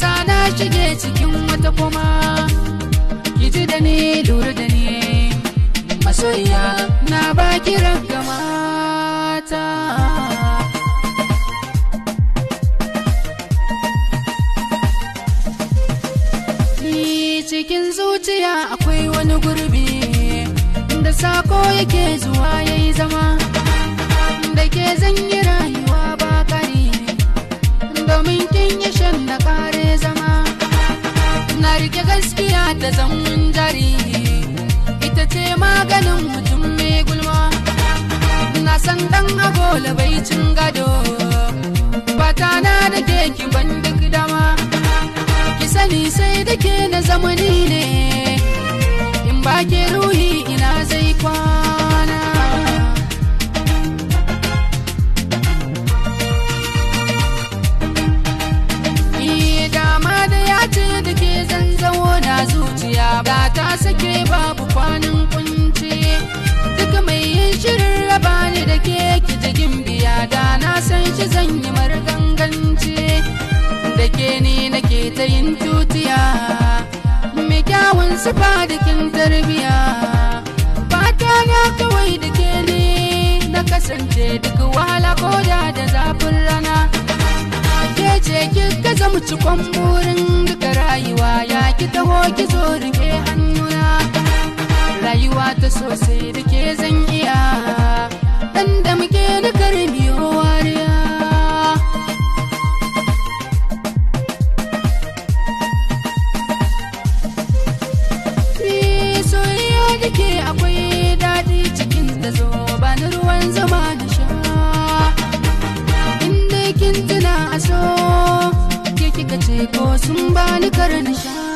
sada shige cikin wata kuma ki ji da ni lura da ni masoyiya na baki ragama ta cikin zuciya akwai wani gurbi da sako yake zuwa yayi zama da ke zanyi gaskiya ta zaman jari ita ce maganin mutum mai gulma na san dan agola bai cin gado fata na da ki ban duk dama ki sani sai da ke na zamani ne in ba ke ruhi sake babu kwanan kunci duk mai yin shirin raba ni da ke jigin biya da na san shi zan yi marganganci da ke ni ke ta yin tutiya mai kyawun sufa da kin tarbiya fata na kawai da ke ni na kasance duk wahala ko da da zafin rana ce ki ka zama cikon burin duka rayuwa ya ki taho ki zo rufe hannu sosai da ke zan iya ɗan da muke na karbiyo wariya ni soyayya da ke akwai daɗi cikin da zo ba na ruwan zama da sha inda kin tuna a so ke kika ce ko sun ba ni sha